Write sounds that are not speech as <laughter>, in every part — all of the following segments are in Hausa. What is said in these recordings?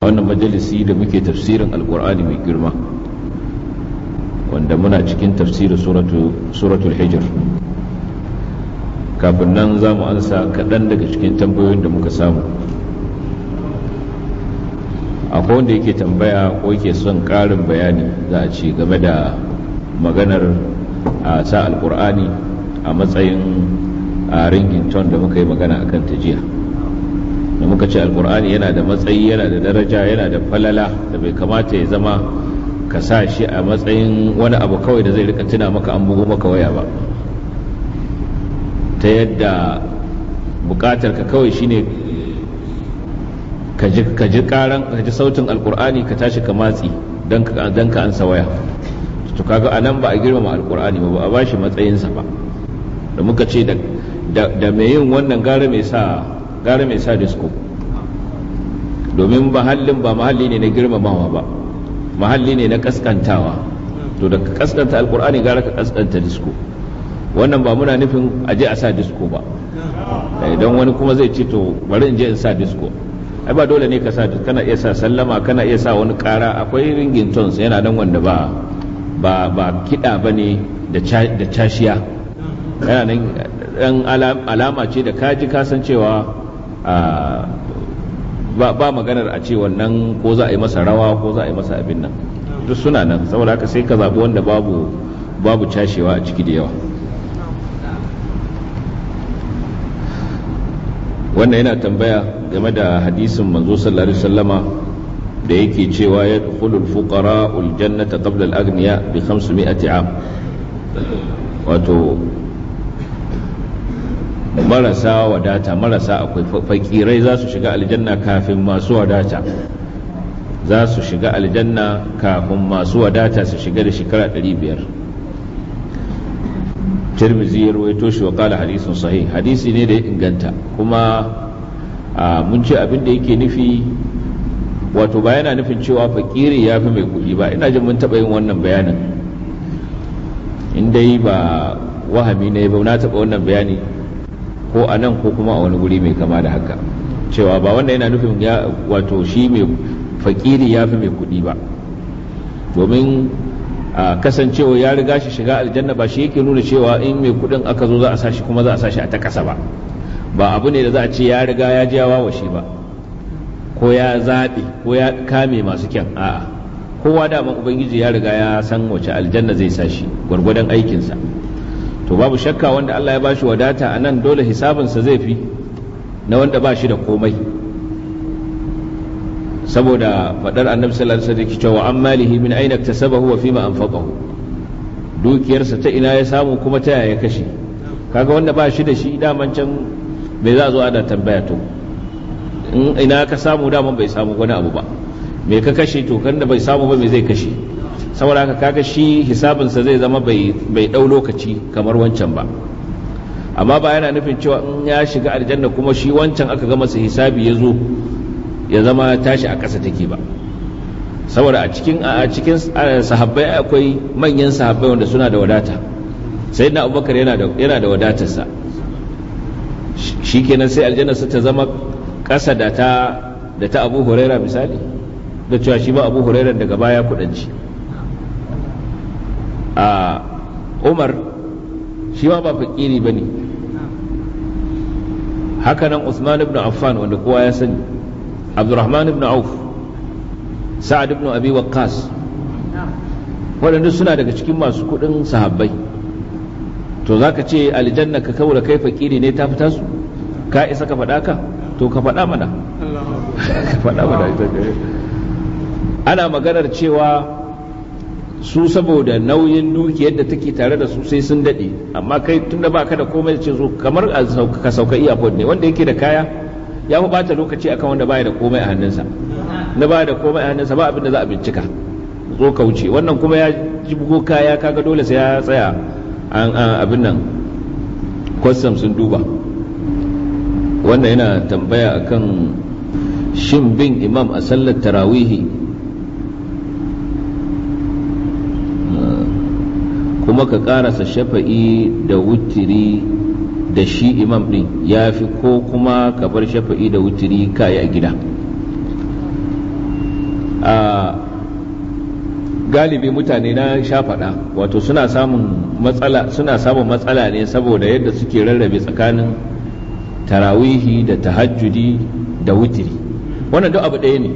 wannan majalisi da muke tafsirin alkur'ani mai girma wanda muna cikin tafsirin suratul hijr kafin nan za mu ansa kaɗan daga cikin tambayoyin da muka samu akwai wanda yake tambaya ko yake son ƙarin bayani za a ce game da maganar a sa alkur'ani a matsayin a ringin ton da muka yi magana a kan jiya da muka ce alkur'ani yana da matsayi yana da daraja yana da falala da bai kamata ya zama ka sa shi a matsayin wani abu kawai da zai rika tuna maka an bugu maka waya ba ta yadda bukatar ka kawai shine ka ji karan ka ji sautin alkur'ani ka tashi ka matsi don ka ansa waya to kaga a nan ba a girmama alkur'ani ba ba a bashi matsayinsa ba da muka ce da mai yin wannan gara mai sa gara mai sa disko domin mahallin ba mahalli ne na girmamawa ba mahalli ne na kaskantawa to da ka kaskanta alkur'ani gara ka kaskanta disko wannan ba muna nufin a je a sa disko ba idan eh, wani kuma zai ce to bari in je in sa disko ai ba dole ne ka sa kana iya sa sallama kana iya sa wani kara akwai ringin tons yana nan wanda ba ba ba kida bane da da cashiya yana nan eh, dan alama ce da kaji kasancewa ba maganar a ce wannan ko za a yi masa rawa ko za a yi masa abin nan duk suna nan saboda haka sai ka zaɓi wanda babu babu cashewa a ciki da yawa wannan yana tambaya game da hadisin manzo sallallahu alaihi wasallama da yake cewa ya dukhulul fuqara ul jannata qabla al aghniya bi 500 am wato marasa wadata marasa akwai fakirai za su shiga aljanna kafin masu wadata za su shiga aljanna kafin masu wadata su shiga da shekara 500 tirmizi ya ruwaito shi wa kala hadisin sahih hadisi ne da ya inganta kuma mun ce abin da yake nufi wato ba yana nufin cewa fakiri ya fi mai kuɗi ba ina jin mun taɓa yin wannan bayanin in dai ba wahami ne ba na taɓa wannan bayani ko a nan ko kuma a wani guri mai kama da haka cewa ba wanda yana nufin ya wato shi mai fakiri ya fi mai kuɗi ba domin a kasancewa ya riga shi shiga aljanna ba shi yake nuna cewa in mai kuɗin aka zo za a sashi kuma za a sashi a ta ƙasa ba ba abu ne da za a ce ya riga ya ji yawa shi ba ko ya zabe ko ya kame masu kyan a'a kowa daman ubangiji ya riga ya san wace aljanna zai sashi gwargwadon aikinsa to babu shakka wanda Allah ya bashi wadata a nan dole hisabinsa zai fi na wanda ba shi da komai saboda faɗar annabi sallallahu alaihi wasallam cewa an malihi min aina iktasabahu wa fima anfaqahu dukiyarsa ta ina ya samu kuma ta yaya kashe kaga wanda ba shi da shi daman can bai za zo ana tambaya to in ina ka samu daman bai samu wani abu ba me ka kashe to kan da bai samu ba me zai kashe saboda haka kaga shi hisabinsa zai zama bai ɗau lokaci kamar wancan ba amma ba yana nufin cewa in ya shiga aljanna kuma shi wancan aka ga masa hisabi ya ya zama tashi a ƙasa take ba saboda a cikin a cikin sahabbai akwai manyan sahabbai wanda suna da wadata sai na abubakar yana da yana da kenan sai aljanna ta zama ƙasa da ta da ta abu huraira misali da cewa shi ba abu huraira daga baya kudanci a umar shi ma ba fakiri ba ne hakanan usman ibn affan wanda kowa ya sani abdurrahman ibn auf sa'ad ibn abi waqqas waɗanda suna daga cikin masu kuɗin sahabbai to za ka ce aljanna ka kawo da kai fakiri ne ta fita su ka isa ka faɗa ka to ka faɗa mana <laughs> ka faɗa mana ana maganar cewa su saboda nauyin dukiyar da take tare da su sai sun daɗe amma kai tunda ba ka da komai ce zo kamar ka sauka iya ne wanda yake da kaya ya fi bata lokaci akan wanda baya da komai a hannunsa na baya da komai a hannunsa ba abin da za a bincika zo ka wuce wannan kuma ya jibgo kaya kaga dole sai ya tsaya an abin nan kwastam sun duba wannan yana tambaya akan shin bin imam a sallar tarawihi kuma ka karasa shafa'i da wutiri da shi imam din ya fi ko kuma ka bar shafa'i da wutiri yi a gida a galibi mutane na shafaɗa wato suna samun matsala suna samun matsala ne saboda yadda suke rarrabe tsakanin tarawihi da tahajjudi da wutiri wannan duk abu ɗaya ne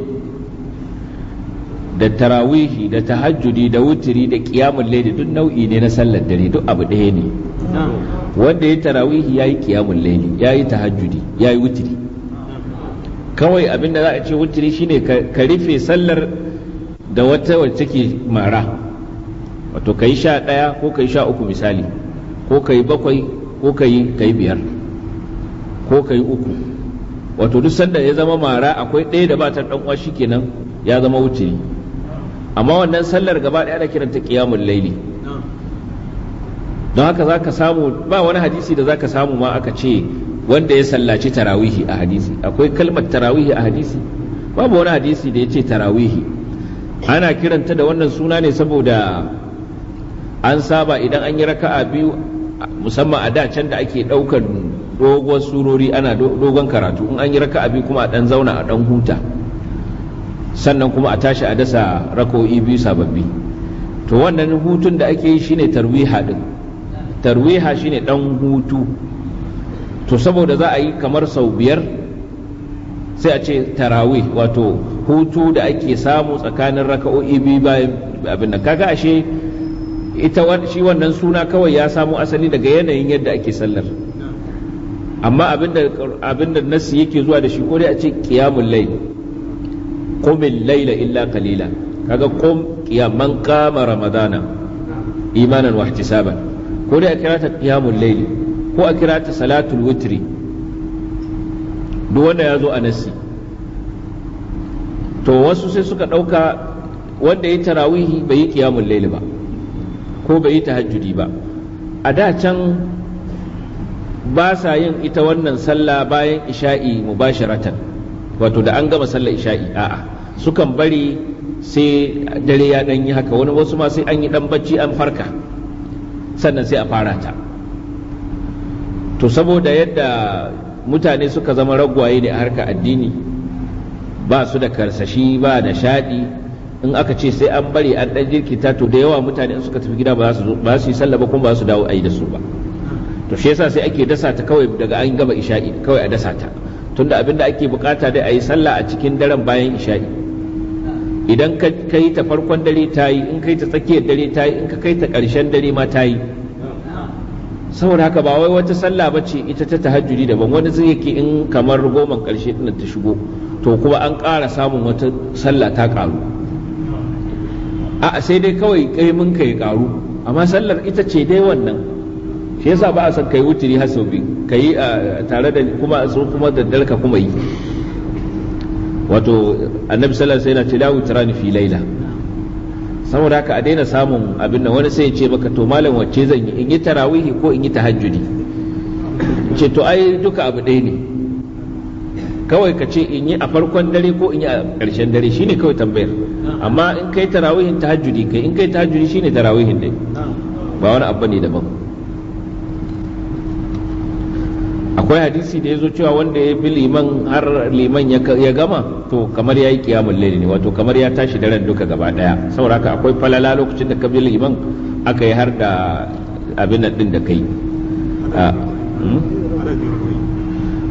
da tarawihi da tahajjudi da wutiri da kiyamun laili duk nau'i ne na sallar dare duk abu ɗaya ne wanda ya tarawihi ya yi kiyamun laili ya yayi tahajjudi yi wutiri kawai abin da za a ce wutiri shine ka rufe sallar da wata wacce ke mara wato ka yi sha ɗaya ko ka yi sha uku misali ko ka yi bakwai ko ka yi biyar ko ka yi uku wato duk sanda ya zama mara akwai ɗaya da ba ta ɗan uwa kenan ya zama wutiri amma wannan sallar gaba ɗaya ana kiranta ƙiyamun laili don haka za ka samu ba wani hadisi da za ka samu ma aka ce wanda ya sallaci tarawihi a hadisi akwai kalmar tarawihi a hadisi babu wani hadisi da ya ce tarawihi ana kiranta da wannan suna ne saboda an saba idan an yi raka'a biyu musamman a da can da ake ɗaukar dogon surori ana dogon karatu in an yi raka'a biyu kuma a ɗan zauna a ɗan huta sannan kuma a tashi a dasa rako'i biyu sababbi to wannan hutun da ake yi shine tarwiha din tarwiha shine dan hutu to saboda za a yi kamar sau biyar sai a ce tarawi wato hutu da ake samu tsakanin raka'o'i biyu bayan abin da kaga ashe ita shi wannan suna kawai ya samo asali daga yanayin yadda ake sallar amma abinda abinda nasi yake zuwa da shi ko dai a ce qiyamul layl qumil layla illa qalila kaga qum qiyaman kama ramadana imanan wa ihtisaban ko da kira ta qiyamul layli ko a kira ta salatul witri duk wanda ya zo a nasi to wasu sai suka ɗauka wanda ya tarawihi bai yi kiyamun laili ba ko bai yi tahajjudi ba a da can ba sa yin ita wannan sallah bayan isha'i mubasharatan wato da an gama sallar isha'i a'a sukan bari sai dare ya ɗan yi haka wani wasu ma sai an yi ɗan bacci an farka sannan sai a fara ta to saboda yadda mutane suka zama ragwaye ne a harka addini ba su da karsashi ba da shaɗi in aka ce sai an bari an ɗan jirkita to da yawa mutane in suka tafi gida ba su yi sallah ba kuma ba su dawo a yi da su ba to shi yasa sai ake dasa ta kawai daga an gama isha'i kawai a dasa ta tunda abin da ake bukata dai a yi sallah a cikin daren bayan isha'i idan ka yi ta farkon dare ta yi in ka yi ta tsakiyar dare ta yi in ka kai ta ƙarshen dare ma ta yi saboda haka ba wai wata sallah ba ce ita ta tahajjudi daban wani zai yake in kamar goma ƙarshe ɗin ta shigo to kuma an ƙara samun wata sallah ta ƙaru a sai dai kawai kai ka ya ƙaru amma sallar ita ce dai wannan shi yasa ba a san kai utiri har sau biyu kai tare da kuma su kuma da dalka kuma yi wato annabi sallallahu alaihi wasallam ce la wutrani fi laila saboda haka a daina samun abin nan wani sai ya ce maka to malam wacce zan yi in yi tarawihi ko in yi tahajjudi ce to ai duka abu ɗaya ne kawai ka ce in yi a farkon dare ko in yi a ƙarshen dare shine kawai tambayar amma in kai tarawihin tahajjudi kai in kai tahajjudi shine tarawihin dai ba wani abu ne daban akwai hadisi da ya zo cewa wanda ya bi liman har liman ya gama to kamar ya yi kiyamun laili ne wato kamar ya tashi daren duka gaba daya sauraka akwai falala lokacin da ka bi liman aka yi har da abin din da kai hmm?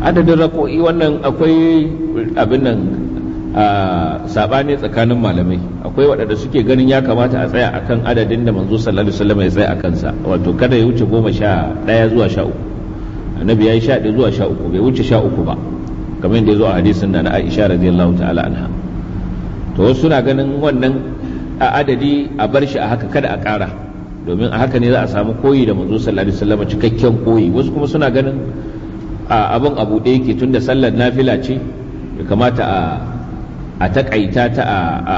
adadin rako'i wannan akwai abin nan sabani tsakanin malamai akwai waɗanda suke ganin ya kamata a tsaya akan adadin da manzo sallallahu alaihi wasallam ya tsaya akan sa wato kada ya wuce goma sha ɗaya zuwa sha uku annabi yayi sha zuwa sha uku bai wuce sha uku ba kamar yadda ya zo a hadisin na Aisha radiyallahu ta'ala anha to wasu suna ganin wannan a adadi a bar shi a haka kada a ƙara domin a haka ne za a samu koyi da manzo sallallahu alaihi wasallam cikakken koyi wasu kuma suna ganin a abin abu ɗaya ke tunda sallar nafila ce ya kamata a a takaita ta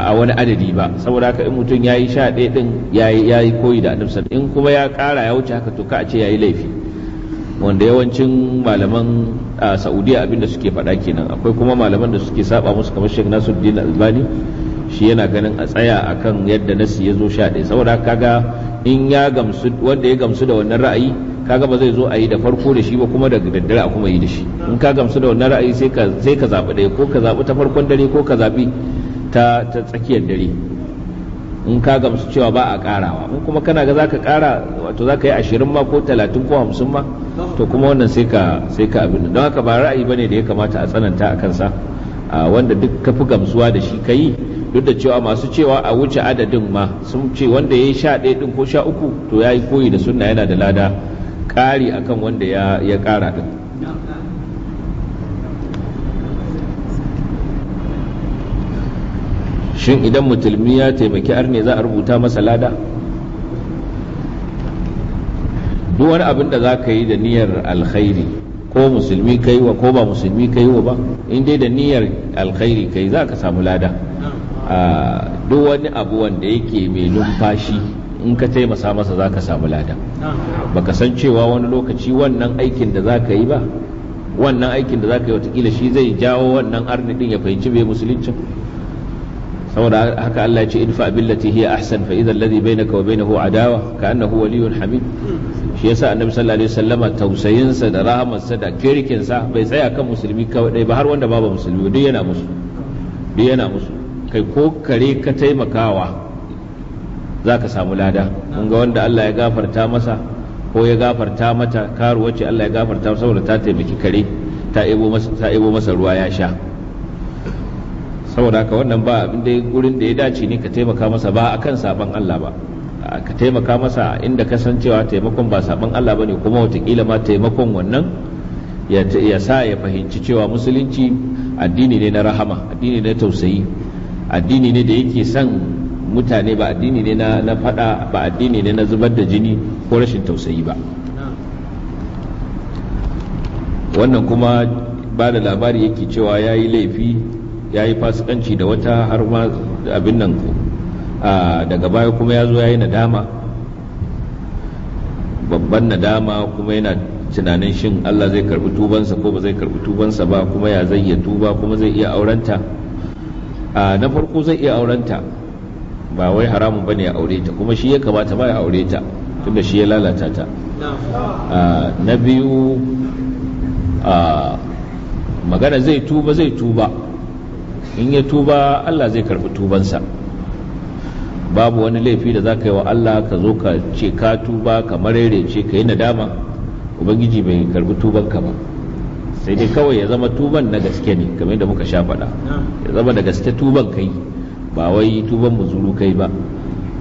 a wani adadi ba saboda haka in mutum ya yi sha ɗaya ɗin ya yi koyi da annabi in kuma ya ƙara ya wuce haka to ka a ce ya yi laifi wanda yawancin malaman a saudiya abinda suke faɗa kenan akwai kuma malaman da suke saba musu kamar nasu din albani shi yana ganin a tsaya akan yadda nasi ya zo sha ɗaya saboda kaga in ya gamsu wanda ya gamsu da wannan ra'ayi kaga ba zai zo a yi da farko da shi ba kuma da daddare a kuma yi da shi in ka gamsu da wannan ra'ayi sai ka zaɓi ɗaya ko ka zaɓi ta farkon dare ko ka zaɓi ta tsakiyar dare in ka gamsu cewa ba a karawa in kuma kana ga zaka kara wato zaka yi ashirin ma ko talatin ko hamsin ma to kuma wannan sai ka sai ka abin don haka ba ra'ayi bane da ya kamata a tsananta a kansa wanda duk ka gamsuwa da shi kayi duk da cewa masu cewa a wuce adadin ma sun ce wanda ya yi sha ɗaya ɗin ko sha uku to ya yi koyi da sunna yana da lada ƙari akan wanda ya kara din shin idan mutulmi ya taimaki arne za a rubuta masa lada duk wani abin da za ka yi da niyyar alkhairi ko musulmi kai wa ko ba musulmi kai wa ba in dai da niyyar alkhairi kai za ka samu lada duk wani abu wanda yake mai numfashi in ka taimasa masa za ka samu lada baka san cewa wani lokaci wannan aikin da za ka yi ba wannan aikin da za ka yi watakila shi zai jawo wannan arnidin ya fahimci bai musuluncin saboda haka Allah ya ce idfa billati hiya ahsan fa idha alladhi bainaka wa bainahu adawa ka annahu waliyyun hamid shi yasa annabi sallallahu alaihi wasallama tausayin sa da rahamar sa da kirkin sa bai tsaya kan musulmi kawai ba har wanda ba musulmi duk yana musu duk yana musu kai ko kare ka taimakawa zaka samu lada mun ga wanda Allah ya gafarta masa ko ya gafarta mata karuwa ce Allah ya gafarta saboda ta taimaki kare ta ebo masa ruwa ya sha saboda haka wannan ba abin da gurin da ya dace ne ka taimaka masa ba akan saban Allah ba ka taimaka masa inda kasancewa taimakon ba saban Allah ba ne kuma watakila ma taimakon wannan ya sa ya fahimci cewa musulunci addini ne na rahama addini ne na tausayi addini ne da yake son mutane ba addini ne na fada ba addini ne na zubar da jini ko rashin tausayi ba wannan kuma ba da labari yake cewa ya yi laifi ya yi fasikanci da wata har ma abin nan daga baya kuma ya zo ya yi nadama babban nadama kuma yana tunanin shin Allah zai karbi tubansa ko ba zai karbi tubansa ba kuma ya zai iya tuba kuma zai iya aurenta na farko zai iya aurenta ba wai haramun bane ya aure ta kuma shi ya kamata ba ya aure ta tunda shi ya lalata ta na biyu magana zai tuba zai tuba in ya tuba Allah zai karbi tubansa babu wani laifi da za ka yi wa Allah ka zo ka ce ka tuba ka ce ka yi nadama ubangiji bai karbi tubanka ba sai dai kawai ya zama tuban na gaske ne kamar da muka sha faɗa ya zama da gaske tuban kai ba wai tuban mu zuru kai ba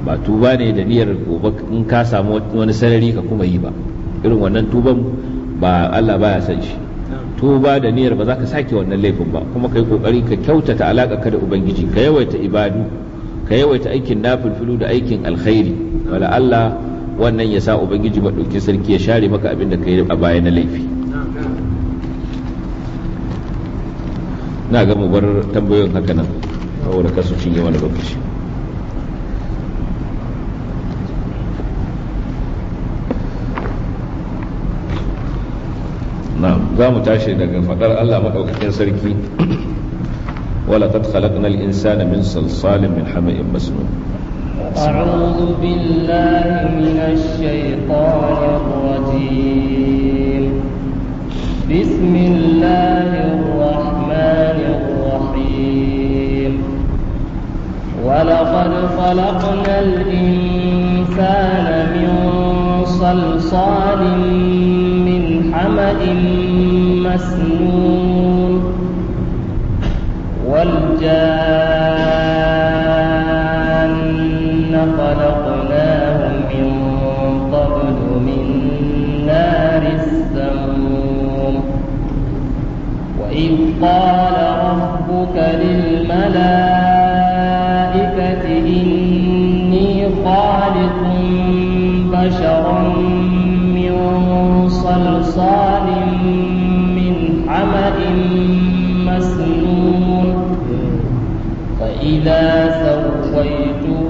ba tuba ne da niyyar gobe in ka samu wani sarari ka kuma yi ba irin wannan tuban ba Allah baya san shi tuba da niyyar ba za ka sake wannan laifin ba kuma ka yi kokari ka kyautata alaka ka da ubangiji ka yawaita ibadu ka yawaita aikin nafilfilu da aikin alkhairi wala Allah wannan ya sa ubangiji madaukin sarki ya share maka abin da kai a baya na laifi na ga mu bar tambayoyin haka nan saboda kasu cinye wani lokaci za mu tashi daga fadar Allah maɗaukakin sarki ولقد خلقنا الإنسان من صلصال من حمأ مسنون أعوذ بالله من الشيطان الرجيم بسم الله الرحمن الرحيم ولقد خلقنا الإنسان من صلصال حمإ مسنون والجان خلقناه من قبل من نار السموم وإذ قال ربك للملائكة إني خالق بشرا صَلْصَالٍ مِّنْ حَمَإٍ مَّسْنُونٍ فَإِذَا سَوَّيْتُهُ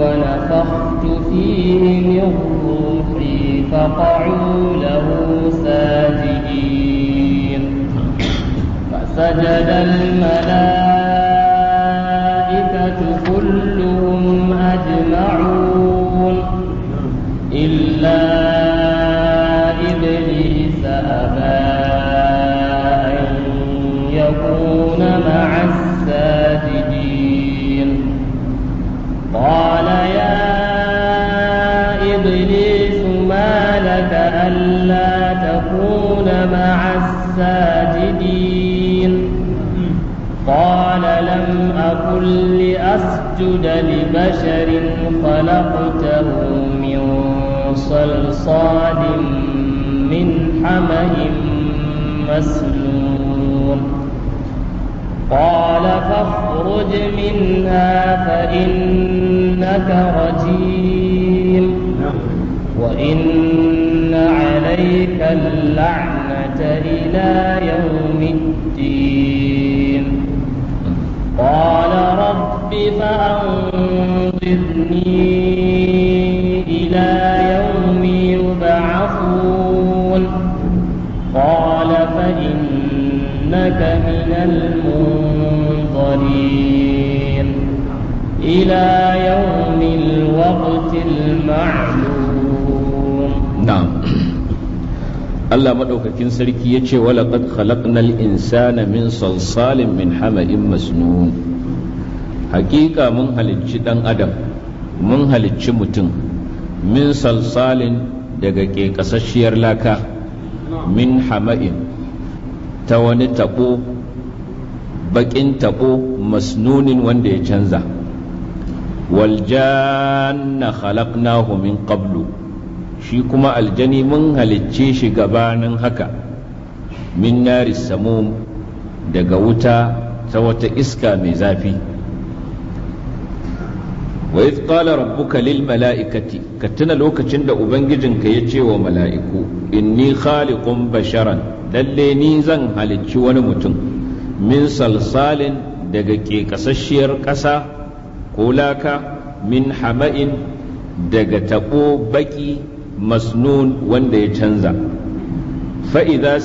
وَنَفَخْتُ فِيهِ مِن رُّوحِي فَقَعُوا لَهُ سَاجِدِينَ فَسَجَدَ الْمَلَائِكَةُ أسجد لبشر خلقته من صلصال من حمأ مسلول قال فاخرج منها فإنك رجيم وإن عليك اللعنة إلى يوم الدين أنظرني إلى يوم يبعثون قال فإنك من المنظرين إلى يوم الوقت المعلوم نعم الله مدعوك كنسر كي يتشي ولقد خلقنا الإنسان من صلصال من حمأ مسنون hakika mun halicci dan adam mun halicci mutum min salsalin daga ƙeƙasasshiyar laka min hama'in ta wani taɓo baƙin tabo masnunin wanda ya canza waljanna khalaqnahu min qablu shi kuma aljani mun halicce shi gabanin haka min nari samum daga wuta ta wata iska mai zafi wa iz qala rabbuka lil mala'ikati ka tuna lokacin da ubangijinka ya ce wa mala'iku in inni khaliqun basharan lalle ni zan halicci wani mutum min salsalin daga ƙeƙasasshiyar ƙasa ko laka min hama'in daga taɓo baƙi masnun wanda ya canza fa'iza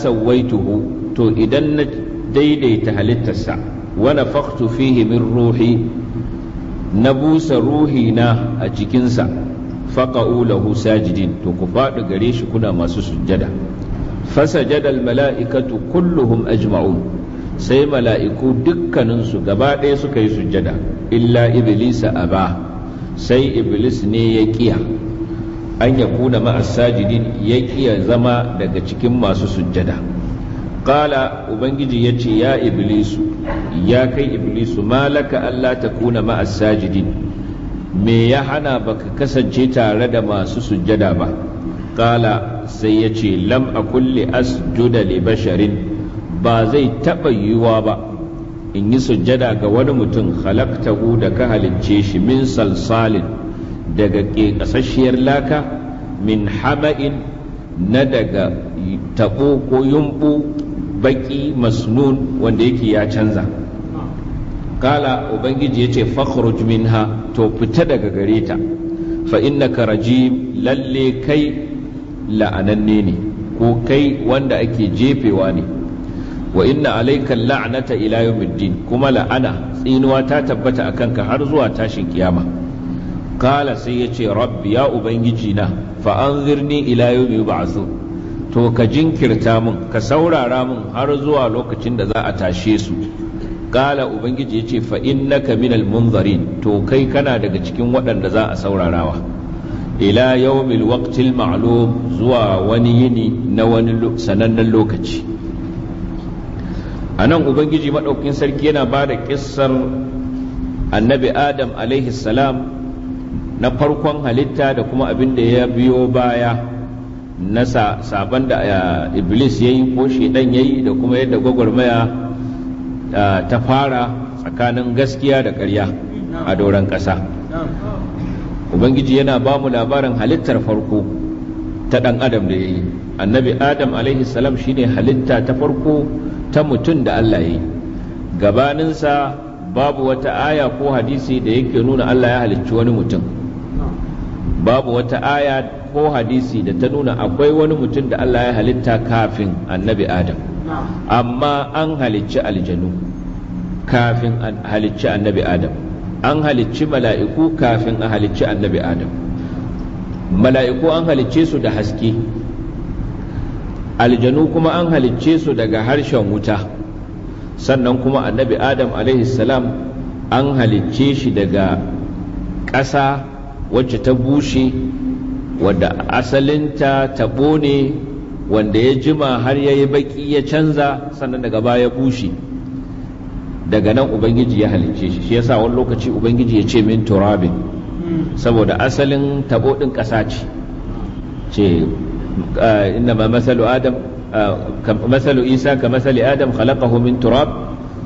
tuhu to idan na daidaita halittarsa wani faktu fihi min ruhi na busa ruhina a cikinsa faƙa'u lahu sajidin to ku faɗi gare shi kuna masu sujjada fasa jadal mala'ikatu kulluhum ajma'un sai mala'iku dukkaninsu gaba ɗaya suka yi sujjada illa iblisa ba sai iblis ne ya kiya an ya kuna sajidin ya kiya zama daga cikin masu sujjada qala ubangiji yace ya iblisu ya kai iblisu malaka Allah ta takuna ma'asa sajidin me ya hana baka kasance tare da masu sujada ba qala sai yace lam akul li asjuda li basharin ba zai taɓa yiwuwa ba in yi sujjada ga wani mutum halaktahu da ka halicce shi min salsalin daga ƙeƙasasshiyar laka min hama'in na daga taɓo ko yumɓu baki masnun wanda yake ya canza kala ubangiji ya ce fakhruj minha to fita daga gare ta fa innaka rajim lalle kai la'ananne ne ko kai wanda ake jefewa ne wa inna alayka la'nata ila yawmiddin kuma la'ana tsinuwa ta tabbata akanka har zuwa tashin kiyama kala sai ya ce rabbi ya ubangiji na fa anzirni ila yawmi yub'athun to ka jinkirta mun ka saurara mun har zuwa lokacin da za a tashe su gala ubangiji yace ce fa innaka minal munzarin to kai kana daga cikin waɗanda za a saurarawa ila yawmil waqtil ma'lum zuwa wani yini na wani sanannen lokaci anan ubangiji maɗaukin sarki yana ba da ƙissar annabi adam alaihi salam na farkon halitta da kuma abin da ya biyo baya na saban da iblis ya yi ko shaidan ya yi da kuma yadda gwagwarmaya ta fara tsakanin gaskiya da ƙarya a doron ƙasa ubangiji yana ba mu labarin halittar farko ta ɗan adam da ya yi annabi adam alaihi salam shine halitta ta farko ta mutum da allah ya yi gabaninsa babu wata aya ko hadisi da yake nuna allah ya halicci wani mutum babu wata aya ko hadisi da ta nuna akwai wani mutum da Allah ya halitta kafin annabi Adam amma an halicci aljanu kafin an halicci annabi Adam an halicci mala'iku kafin a halicci annabi Adam mala'iku an halicce su da haske aljanu kuma an halicce su daga harshen wuta sannan kuma annabi Adam salam an halicce shi daga ƙasa wacce ta bushe wadda asalinta taɓo ne wanda ya jima har ya yi baƙi ya canza sannan daga baya bushe daga nan ubangiji ya halicce shi shi yasa wani lokaci ubangiji ya ce min turabin saboda asalin taɓo ɗin ƙasa ce ce inna ma masalu adam masalu isa ka masali adam khalaqahu min turab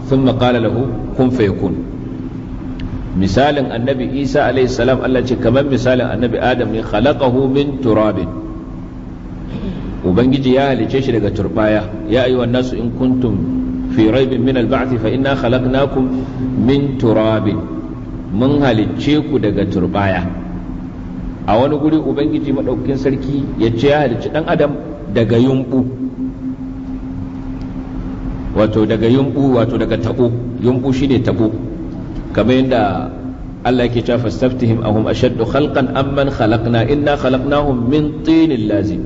sun qala lahu kun fayakun misalin annabi isa alaihi salam Allah ce kamar misalin annabi adam ne khalaqahu min turabin ubangiji ya halice shi daga turbaya ya ayyuha nasu in kuntum fi raibin min al-ba'th fa inna khalaqnakum min turabin mun halicce ku daga turbaya a wani guri ubangiji madaukakin sarki ya ce ya halicci dan adam daga yumbu wato daga yumbu wato daga tabo yumbu shine tabo kamar yadda Allah yake cewa fastaftihim ahum ashaddu khalqan amman khalaqna inna khalaqnahum min tinin lazim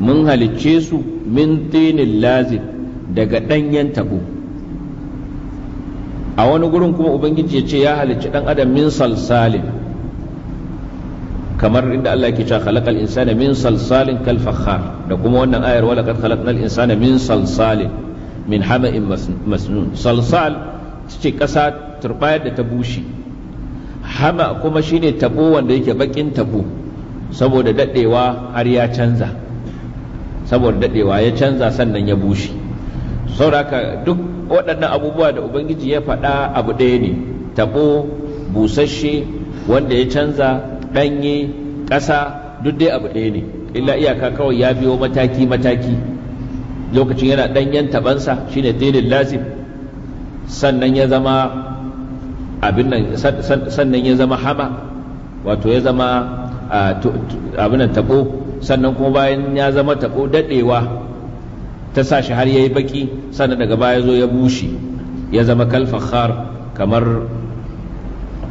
mun halicce su min tinin lazim daga danyen tabo a wani gurin kuma ubangiji ya ce ya halicci dan adam min salsalin kamar inda Allah yake cewa khalaqal insana min salsalin kal fakhar da kuma wannan ayar wala kad khalaqnal insana min salsalin min hama'in masnun salsal ce ƙasa turbayar da ta bushe hama kuma shine tabo wanda yake bakin tabo saboda daɗewa har ya canza saboda daɗewa ya canza sannan ya bushe sauraka duk waɗannan abubuwa da ubangiji ya faɗa abu ɗaya ne tabo busasshe wanda ya canza ɗanye ƙasa duk dai abu ɗaya ne illa iyaka kawai ya biyo mataki mataki lokacin yana ɗanyen tabansa shine tilin lazim sannan ya zama abin nan sannan ya zama hama wato ya zama abin nan tabo sannan kuma bayan ya zama tabo dadewa ta sa shi har yayi baki sannan daga baya zo ya bushe ya zama kalfakhar kamar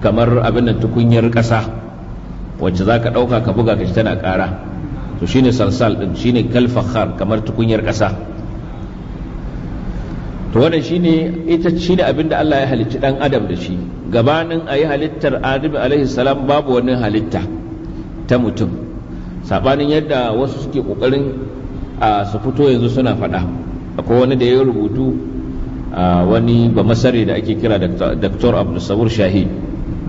kamar abin nan tukunyar ƙasa wacce za ka ɗauka ka buga ka tana ƙara to shine salsal ɗin shine kalfakhar kamar tukunyar ƙasa to wannan shine ita shine abin da Allah ya halicci dan adam da shi gabanin a yi halittar adam alaihi salam babu wani halitta ta mutum sabanin yadda wasu suke kokarin su fito yanzu suna faɗa akwai wani da ya rubutu wani ba masare da ake kira Dr. Abdulsabur Shahid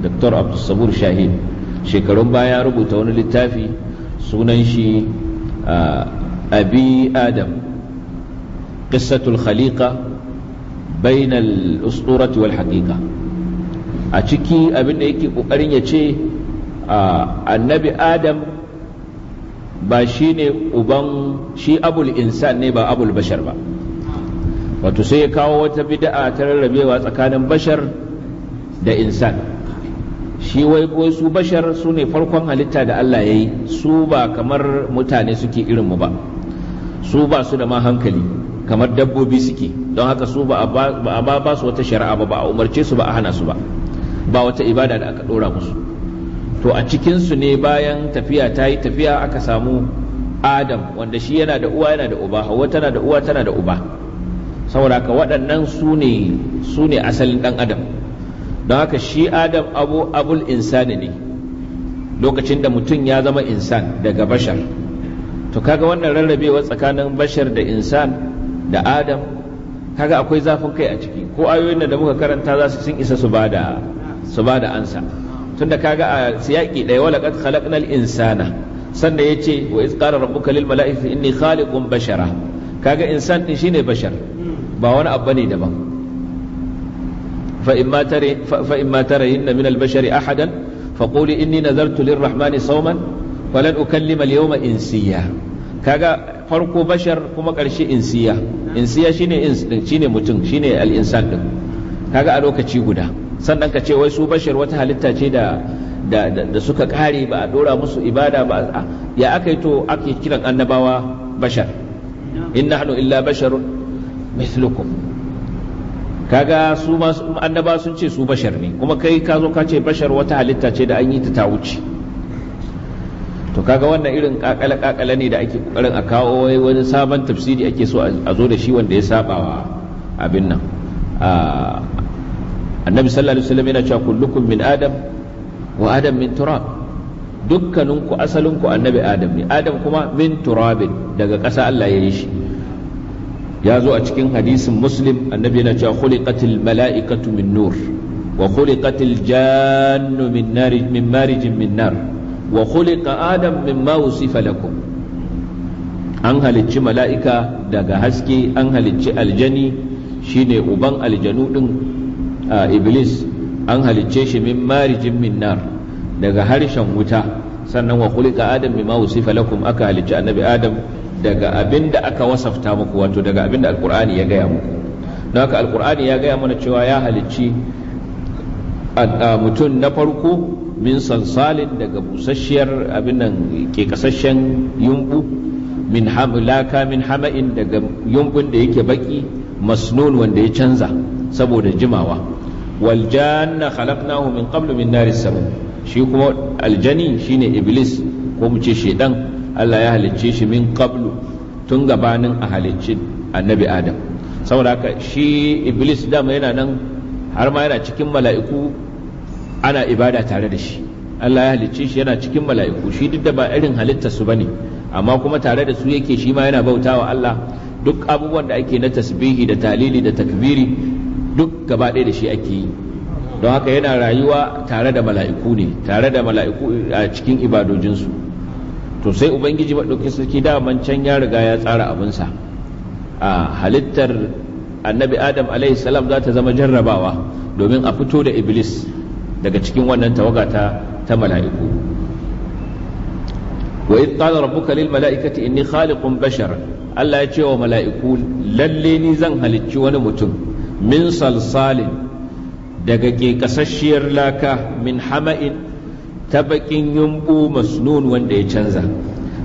Dr. Abdulsabur Shahid shekarun baya rubuta wani littafi sunan shi abi adam qissatul khaliqa bainal usturati wal haqiqa a ciki abin da yake kokarin ya ce annabi adam ba shi ne uban shi abul ne ba abul bashar ba wato sai ya kawo wata bida'a ta rarrabewa tsakanin bashar da insan shi wai su bashar su ne farkon halitta da Allah ya yi su ba kamar mutane suke irin mu ba su ba su da ma hankali kamar dabbobi suke don haka su ba a ba ba su wata shari'a ba ba a umarce su ba a hana su ba ba wata ibada da aka dora musu to a cikin su ne bayan tafiya ta yi tafiya aka samu adam wanda shi yana da uwa yana da uba hawa tana da uwa tana da uba saboda ka waɗannan su ne su ne asalin ɗan adam don haka shi adam abu abul insani ne lokacin da mutum ya zama insan daga bashar to kaga wannan rarrabewa tsakanin bashar da insan da adam kaga akwai zafin kai a ciki ko ayoyin da muka karanta za su sun isa su bada su bada ansa tunda kaga a siyaki ɗaya wala qad khalaqnal insana sanda yace wa iz qala rabbuka lil mala'ikati inni khaliqun bashara kaga insan din shine bashar ba wani abu ne daban fa imma tare fa imma tarayinna min al bashari ahadan فقولي إني نذرت للرحمن صوما فلن أكلم اليوم insiya kaga farko bashar kuma ƙarshe insiya insiya shine ins din shine mutum shine al-insan din kaga a lokaci guda sannan ka ce wai su bashar wata halitta ce da da, da, suka kare ba a dora musu ibada ba ya aka yi to ake kiran annabawa bashar in hannu illa bashar mithlukum kaga su ma annaba sun ce su bashar ne kuma kai ka zo ka ce bashar wata halitta ce da an yi ta ta wuce to kaga wannan irin kakala kakala ne da ake kokarin a kawo wani sabon tafsiri ake so a zo da shi wanda ya sabawa abin nan annabi sallallahu alaihi wasallam yana cewa kullukum min adam wa adam min turab dukkaninku asalinku annabi adam ne adam kuma min turabin daga ƙasa Allah ya yi shi ya zo a cikin hadisin muslim annabi yana cewa khuliqatil mala'ikatu min nur wa khuliqatil jannu min nari min marijin min nar wa khuliqa adam ma wusifa lakum an halicci mala'ika daga haske an halicci aljani shine uban aljanu din iblis an halicce shi min marijin min nar daga harshen wuta sannan wa khuliqa adam mimma wusifa lakum aka halicci annabi adam daga abinda aka wasafta muku wato daga abinda alqur'ani ya gaya muku don haka alkur'ani ya gaya mana cewa ya halicci mutum na farko min sansalin daga busasshiyar abin nan ke kasashen yumbu min hamlaka min hama'in daga yumbun da yake baki masnun wanda ya canza saboda jimawa wal janna khalaqnahu min qablu min nari samum shi kuma aljani shine iblis ko mu ce shedan Allah ya halicce shi min qablu tun gabanin a halicci annabi adam saboda haka shi iblis dama yana nan har ma yana cikin mala'iku ana ibada tare da shi Allah ya halicce shi yana cikin mala'iku shi duk da ba irin halittarsu su bane amma kuma tare da su yake shi ma yana bautawa Allah duk abubuwan da ake na tasbihi da talili da takbiri duk gaba ɗaya da shi ake yi don haka yana rayuwa tare da mala'iku ne tare da mala'iku a cikin ibadojinsu to sai ubangiji maɗauki sarki daman can ya riga ya tsara abinsa a halittar annabi adam alaihi salam za ta zama jarrabawa domin a fito da iblis daga cikin wannan tawaga ta ta mala'iku wa idh qala rabbuka lil mala'ikati inni khaliqun bashar? Allah ya ce wa mala'iku lalle ni zan halicci wani mutum min salsalin daga kasasshiyar laka min hama'in ta bakin yumbu masnun wanda ya canza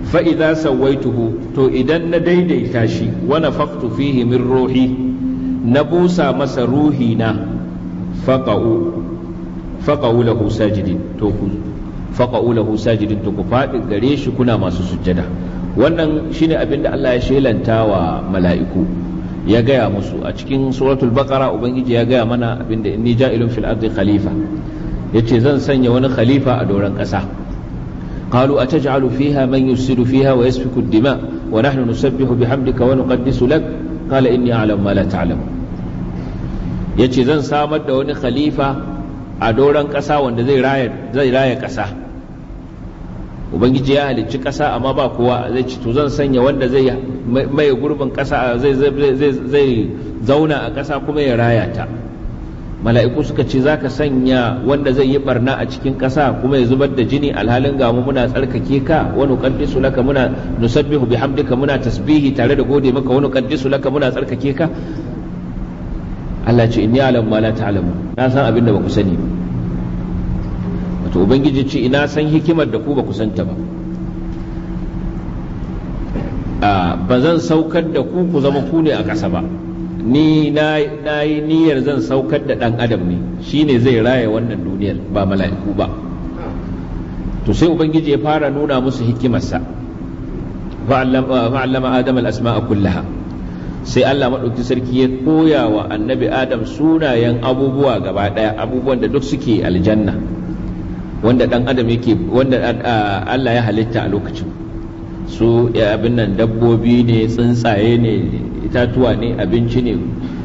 fa'iza sawaituhu to idan na daidaita shi wana faktu fihi min ruhi na busa masa ruhi na faƙa'u faqa'u lahu sajidin to ku sajidin to ku faɗi gare shi kuna masu sujjada wannan shine abinda Allah ya shelanta wa mala'iku ya gaya musu a cikin suratul baqara ubangiji ya gaya mana abinda inni ja'ilun fil ardi khalifa yace zan sanya wani khalifa a doron ƙasa قالوا أتجعل فيها من يفسد فيها ويسفك الدماء ونحن نسبح بحمدك ونقدس لك قال إني أعلم ما لا تعلم yace zan samar da wani khalifa a doron ƙasa wanda zai raya ƙasa ubangiji ya halicci ƙasa amma ba kowa zai ci to zan sanya wanda zai maye gurbin ƙasa zai zauna a ƙasa kuma ya raya ta mala'iku suka ce za ka sanya wanda zai yi barna a cikin ƙasa kuma ya zubar da jini alhalin gamu muna tsarkake ka wani kaddisu laka muna nusabbihu bihamdika muna tasbihi tare da gode maka wani kaddisu laka muna tsarkake ka Allah ce inni alam ma la ta'lamu na san abin da ba ku sani ba wato ubangiji ce ina san hikimar da ku baku santa ba ba zan saukar da ku ku zama ku ne a ƙasa ba ni na yi niyyar zan saukar da ɗan adam ne shi ne zai raya wannan duniyar ba mala'iku ba to sai ubangiji ya fara nuna musu hikimarsa fa'allama adam al'asma'a kullaha sai Allah maɗauki sarki ya koya wa annabi adam sunayen abubuwa gaba ɗaya abubuwan da duk suke aljanna wanda ɗan adam yake wanda Allah ya halitta a lokacin su abin nan dabbobi ne tsuntsaye ne itatuwa ne abinci ne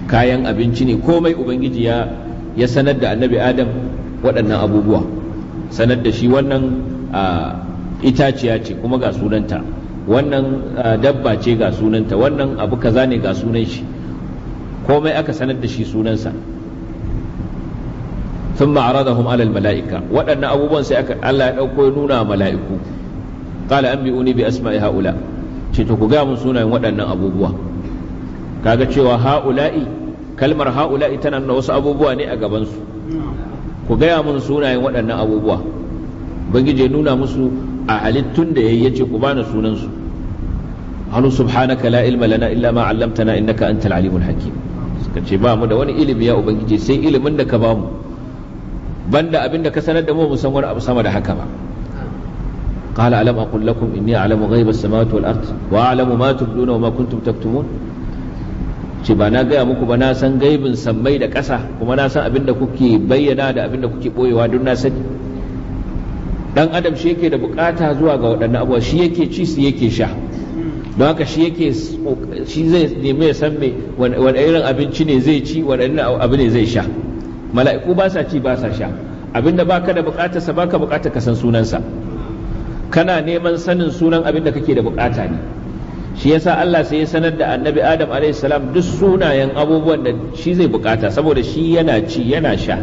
kayan abinci ne komai ubangiji ya ya sanar da annabi adam waɗannan abubuwa sanar da shi wannan itaciya ce kuma ga sunanta wannan dabba ce ga sunanta wannan abu kaza ne ga sunan shi komai aka sanar da shi sunansa sun ma'aradahum alal mala'ika waɗannan abubuwan sai aka Allah ya ɗauko ya nuna mala'iku qala anbi'uni bi asma'i haula ce to ku ga mun sunayen waɗannan abubuwa kaga cewa haula'i kalmar haula'i tana nuna wasu abubuwa ne a gaban su ku gaya mun sunayen waɗannan abubuwa ubangiji ya nuna musu a halittun da yayi yace ku bani sunan su Hannu subhanaka la ilma lana illa ma 'allamtana innaka antal alimul hakim suka ce ba mu da wani ilimi ya ubangiji sai ilimin da ka bamu banda abin da ka sanar da mu mu san wani abu sama da haka ba قال ألم أقل لكم إني أعلم غيب السماوات والأرض وأعلم ما تبدون وما كنتم تكتمون ce ba na gaya muku ba na san gaibin sammai da ƙasa kuma na san abin da kuke bayyana da abin da kuke ɓoyewa don na sani dan adam shi yake da bukata zuwa ga waɗannan abubuwa shi yake ci sai yake sha don haka shi yake shi zai nemi ya san me wani irin abinci ne zai ci wani irin abu ne zai sha mala'iku ba sa ci ba sa sha abinda ka da bukatar sa baka bukatar ka san sunansa kana neman sanin sunan abin da kake da bukata ne shi yasa Allah sai ya sanar da annabi Adam salam duk sunayen abubuwan da shi zai bukata saboda shi yana ci yana sha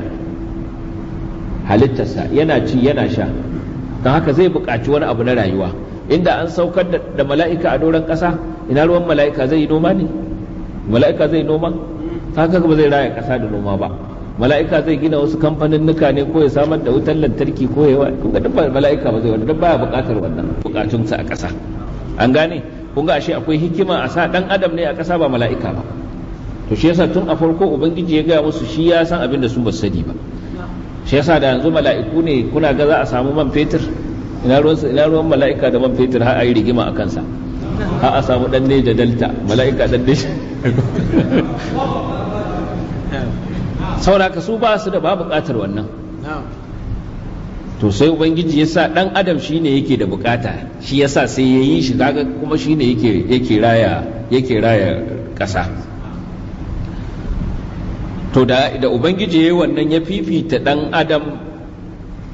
halittarsa yana ci yana sha don haka zai bukaci wani abu na rayuwa inda an saukar da mala'ika a doron ƙasa ina ruwan mala'ika zai yi noma ne mala'ika zai noma Ta haka ba zai raya ƙasa da noma ba mala'ika zai gina wasu kamfanin nuka ne ko ya samar da wutar lantarki ko ya kuka duk mala'ika ba zai wani duk baya buƙatar wannan buƙatunsa a ƙasa an gane kun ga ashe akwai hikima a sa dan adam ne a ƙasa ba mala'ika ba to shi yasa tun a farko ubangiji ya gaya musu shi ya san abin da sun ba sani ba shi yasa da yanzu mala'iku ne kuna ga za a samu man fetur ina ruwan ina ruwan mala'ika da man fetur har ayi rigima a kansa har a samu dan ne da delta mala'ika dan ne saboda su ba su da ba buƙatar wannan to sai ubangiji yasa dan adam shine yake da bukata shi yasa sai ya yi shi kaga kuma shine yake yake raya yake raya kasa to da da ubangiji yayi wannan ya fifita dan adam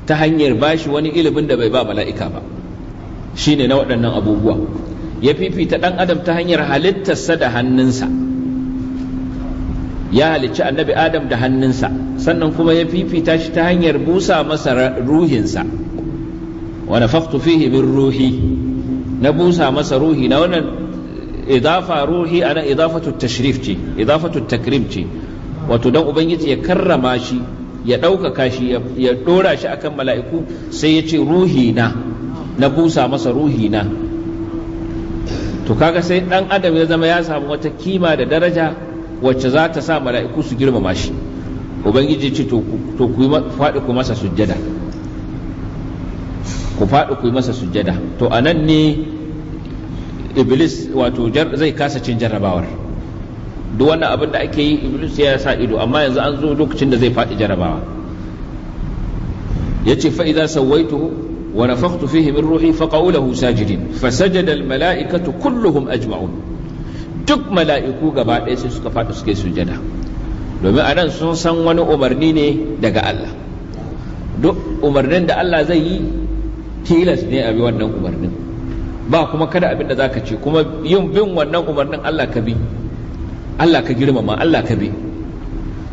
ta hanyar bashi wani ilimin da bai ba mala'ika ba Shi ne na waɗannan abubuwa ya fifita ɗan adam ta hanyar halittarsa da hannunsa ya halicci annabi adam da hannunsa sannan kuma ya fifita shi ta hanyar busa masa ruhinsa Wani faktu fihi min ruhi na busa masa ruhi na wannan idafa ruhi ana idafatu tashrif ce idafatu takrim ce wato don ubangiji ya karrama shi ya ɗaukaka shi ya ɗora shi akan mala'iku sai ya ce ruhi na na busa masa ruhi na to kaga sai ɗan adam ya zama ya samu wata kima da daraja wacce za ta sa mala'iku su girmama shi ubangiji ce to ku faɗi ku masa sujjada ku faɗi ku masa sujjada to a nan ne iblis wato zai kasa cin jarrabawar duk wannan abin da ake yi iblis ya sa ido amma yanzu an zo lokacin da zai faɗi jarabawa yace ce fa'iza sawaituhu wa faktu fihi min ruhi fa qawluhu sajidin fa mala'ikatu kulluhum ajma'un duk mala'iku gaba ɗaya sai suka faɗi suke sujada domin nan sun san wani umarni ne daga Allah duk umarnin da Allah zai yi tilas ne a bi wannan umarnin ba kuma kada abin da zaka ce kuma yin bin wannan umarnin Allah ka bi Allah ka girmama Allah ka bi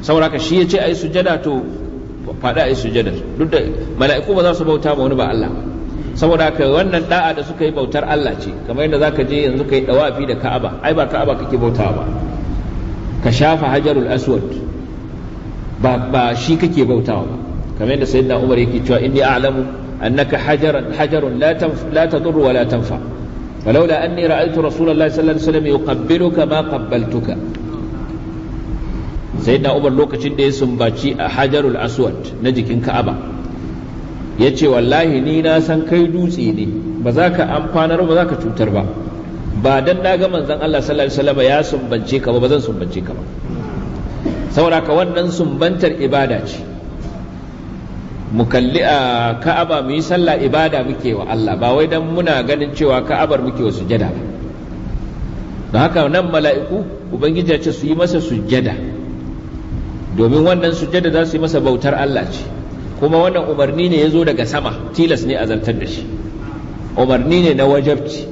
saboda ka shi ya ce a yi sujada to faɗa a yi sujada duk da mala'iku ba za su bauta ma wani ba Allah saboda ka wannan da'a da suka yi bautar Allah ce kamar yadda za ka je yanzu ka yi dawafi da ka'aba ai ba ka'aba kake bautawa ba ka shafa hajarul aswad ba ba shi kake bautawa ba kamar yadda sayyidina Umar yake cewa inni a'lamu annaka hajaran hajarun la tanfa la tadur wa la tanfa' falaula anni ra'aytu rasulullahi sallallahu alaihi wasallam yuqabbiluka ma qabbaltuka Sai Umar lokacin da ya sumbaci a Hajarul Aswad na jikin Ka'aba ce wallahi ni na san kai dutse ne ba za ka amfanar ba za ka cutar ba ba dan na ga manzon Allah sallallahu alaihi wasallam ya sumbance ka ba zan sumbance ka wannan sumbantar ibada ce mu kalli a ka'aba mu yi sallah ibada muke wa Allah ba wai dan muna ganin cewa ka'abar muke wa sujada ba don haka nan mala'iku ubangiji ya ce su yi masa sujada domin wannan sujada za su yi masa bautar Allah ce kuma wannan umarni ne ya zo daga sama tilas ne a zartar da shi umarni ne na wajabci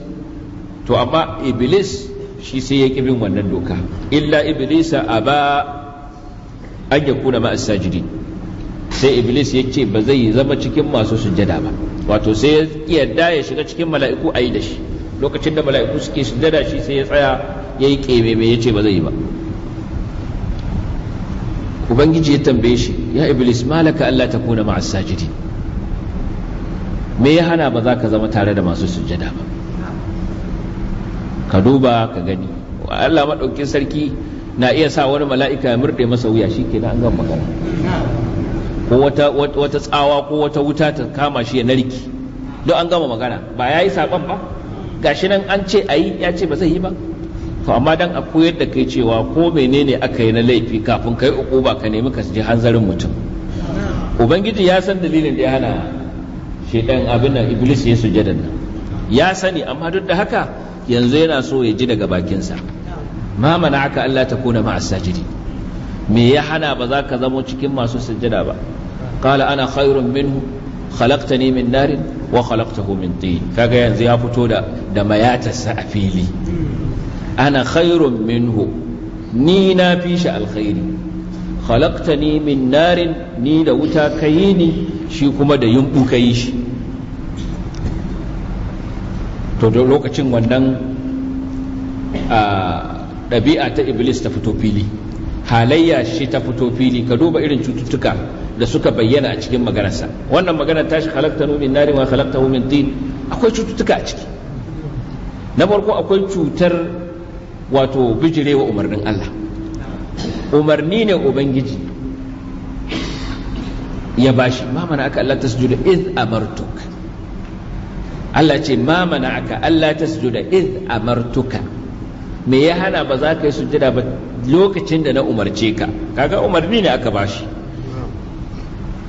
to amma iblis shi sai ya bin wannan doka illa iblisa aba an yakuna ma'as sajidin sai iblis ya ce ba zai zama cikin masu sujjada ba wato sai ya yarda ya shiga cikin mala'iku a yi da shi lokacin da mala'iku suke sujjada shi sai ya tsaya ya yi mai ya ce ba zai yi ba ubangiji ya tambaye shi ya iblis malaka allah ta kuna ma'a sajidi me ya hana ba za ka zama tare da masu sujjada ba ka duba ka gani allah maɗaukin sarki na iya sa wani mala'ika ya murɗe masa wuya shi kenan an gan magana ko wata wata tsawa ko wata wuta ta kama shi ya narki don an gama magana ba ya yi ba gashi nan an ce a yi ya ce ba zai yi ba to amma dan a koyar da kai cewa ko menene aka yi na laifi kafin kai uku ba ka nemi ka ji hanzarin mutum ubangiji ya san dalilin da ya hana dan abin nan iblis ya sujada nan ya sani amma duk da haka yanzu yana so ya ji daga bakinsa ma aka Allah ta kuna ma'a me ya hana ba za ka zamo cikin masu sujjada ba qala ana khairun minhu khalaqtani min narin wa khalaqtahu min tin kaga yanzu ya fito da da mayatarsa a fili ana khairun minhu ni na fi shi alkhairi khalaqtani min narin ni da wuta kayi ni shi kuma da yumbu kai shi to da lokacin wannan a ɗabi'a ta iblis ta fito fili halayya shi ta fito fili ka duba irin cututtuka da suka bayyana a cikin maganarsa wannan magana ta shi halakta min nari wa halakta min tin akwai cututtuka a ciki na farko akwai cutar wato bijirewa umarnin Allah umarni ne ubangiji ya bashi ma mana aka Allah tasjuda id amartuk Allah ce ma mana aka Allah tasjuda id amartuka me ya hana ba za ka yi sujjada ba lokacin da na umarce ka kaga umarni ne aka bashi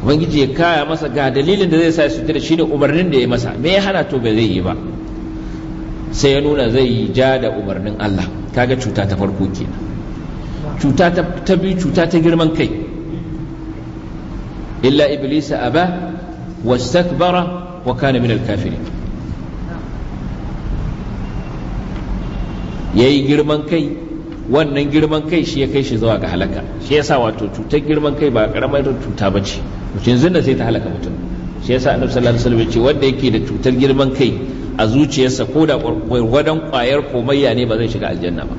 ubangiji ya kaya masa ga dalilin da zai sa su sutura shine umarnin da ya masa me ya hana to ba zai yi ba sai ya nuna zai yi ja da umarnin Allah kaga cuta ta farko kenan cuta ta biyu cuta ta girman kai illa iblis aba wastakbara wa kana min al-kafirin yayi girman kai wannan girman kai shi ya kai shi zuwa ga halaka shi yasa wato cutar girman kai ba karamar cuta ba ce mutum zinna sai ta halaka mutum shi yasa annabi sallallahu alaihi wasallam ce wanda yake da cutar girman kai a zuciyarsa ko da gwargwadon kwayar komayya ne ba zai shiga aljanna ba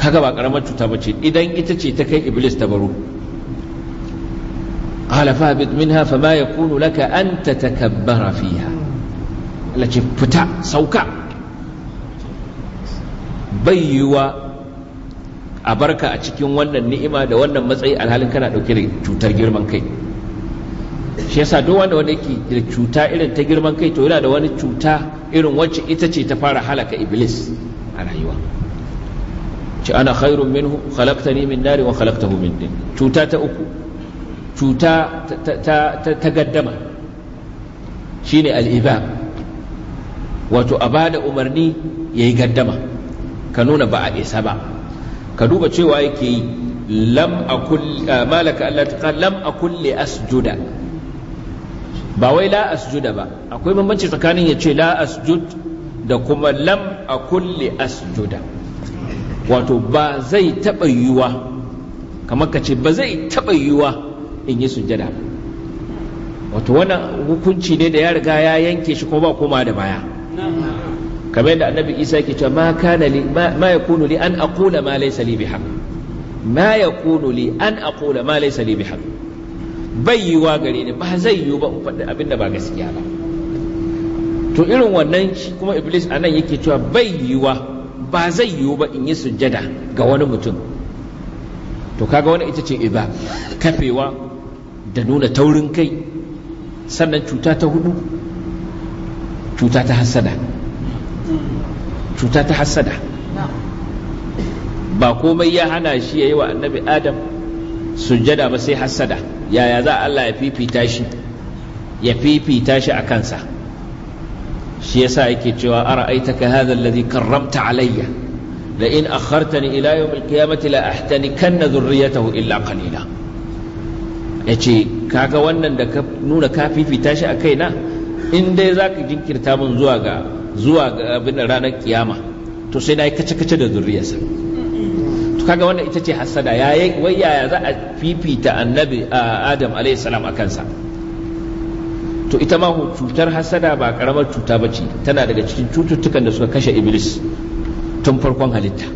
kaga ba karamar cuta ba ce idan ita ce ta kai iblis ta baro qala fahbit minha fama yakunu laka an tatakabbara fiha Allah ce fita sauka bai yiwuwa a barka a cikin wannan ni'ima da wannan matsayi alhalin kana dauke da cutar girman kai shi yasa duk wanda wanda yake da cuta irin ta girman kai to yana da wani cuta irin wacce ita ce ta fara halaka iblis a rayuwa ci ana khairun minhu khalaqtani min nari wa khalaqtahu min din cuta ta uku cuta ta gaddama shine al-iba wato a bada umarni yayi gaddama ka nuna ba a isa ba ka duba cewa yake yi lam kulle. malaka Allah ta lam a kulle asjuda ba wai la asjuda ba akwai bambanci tsakanin ya ce la asjud da kuma lam a kulle asjuda wato ba zai taɓa yiwuwa kamar ka ce ba zai taɓa yiwuwa in yi sujada wato wannan hukunci ne da ya riga ya yanke shi kuma ba koma da baya kamar yadda annabi isa ke cewa ma kana li ma yakunu li an aqula ma laysa li bihaq ma yakunu li an aqula ma laysa li bihaq bai gare ni ba zai yi ba faɗi abinda ba gaskiya ba to irin wannan kuma iblis anan yake cewa bai wa ba zai yi ba in yi sujjada ga wani mutum to kaga wani ita ce iba kafewa da nuna taurin kai sannan cuta ta hudu cuta ta hasada cuta ta hassada ba komai ya hana shi ya yi wa annabi adam sujjada ba sai hassada yaya za Allah ya fifita shi ya fifita shi a kansa shi yasa yake cewa ara aitaka hadha alladhi karramta alayya la in akhartani ila yawm alqiyamati la ahtanikanna dhurriyyatahu illa qalila yace kaga wannan da ka nuna ka fifita shi a kaina in dai za ka jinkirta min zuwa ga zuwa ga ranar kiyama to sai na yi kace-kace da zurriyarsa to kaga wannan ita ce hasada ya wai yaya za a fifita annabi adam alayhi salam a kansa to ita ma cutar hasada ba karamar cuta ba ce tana daga cikin cututtukan da suka kashe iblis tun farkon halitta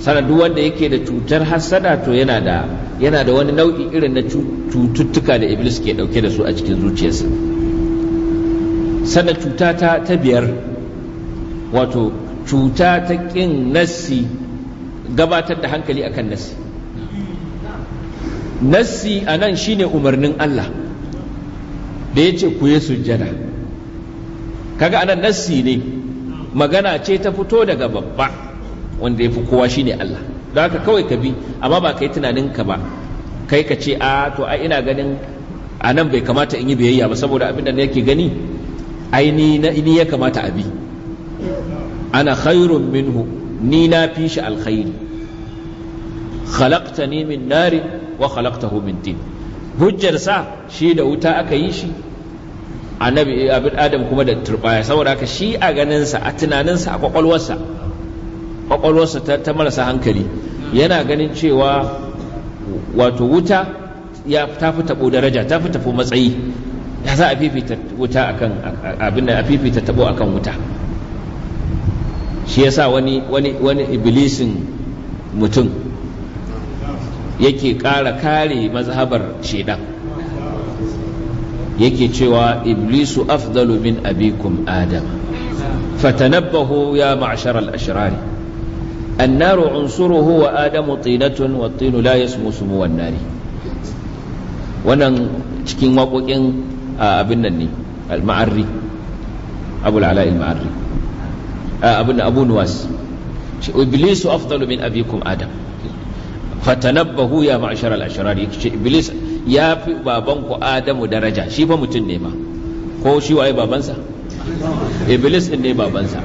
sana duk wanda yake da cutar hasada to yana da yana da wani nau'i irin na cututtuka da iblis ke dauke da su a cikin zuciyarsa sannan cuta ta ta biyar wato cuta ta ƙin nassi gabatar da hankali akan nassi nassi anan nan shine umarnin Allah da ya ce ku yi sujjada kaga anan nassi ne magana ce ta fito daga babba wanda ya fi kowa shine Allah don haka kawai ka bi amma ba ka yi tunaninka ba kai ka ce a to a ina ganin a nan bai kamata in yi biyayya ba saboda abin da yake gani aini na ini ya kamata a bi ana khairun minhu ni na fi shi alkhairi ni min nari wa khalaqtahu min tin hujjar sa shi da wuta aka yi shi annabi abin adam kuma da turbaya saboda haka shi a ganinsa a tunaninsa a kwakwalwarsa kwakwalwarsa ta marasa hankali yana ganin cewa wato wuta ya ta fi tabo daraja ta fi tafi matsayi da za a fifita wuta akan abin da a fifita tabo akan wuta shi yasa wani wani wani iblisin mutum yake ƙara kare mazhabar shedan yake cewa iblisu afdalu min abikum adam fatanabbahu ya ma'shar al-ashrar النار عنصره وآدم طينة والطين لا يسمو سمو النار wannan cikin waƙoƙin abin nan ne al-ma'arri abul ala al-ma'arri abin abu nuwas shi iblis afdalu min abikum adam fatanabbahu ya ma'shar al-ashrar yake iblis ya fi baban ku adamu daraja shi fa mutum ne ma ko shi waye babansa iblis din ne babansa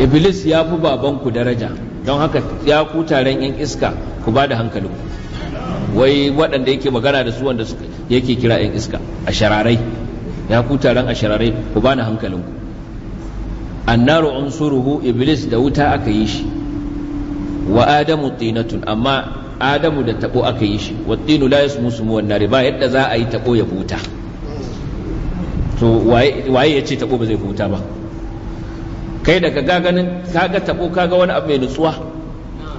iblis ya fi baban ku daraja don haka ya ku taron yan iska ku ba da hankalinku wai waɗanda yake magana da su wanda yake kira yan iska a shararai ya ku taron a shararai ku bani hankalin ku annaru unsuruhu iblis da wuta aka yi shi wa adamu tinatun amma adamu da tabo aka yi shi wa tinu la yasmu sumu wan nari ba yadda za a yi tabo ya buta to waye ya ce tabo ba zai buta ba kai daga gaganin kaga tabo kaga wani abu mai nutsuwa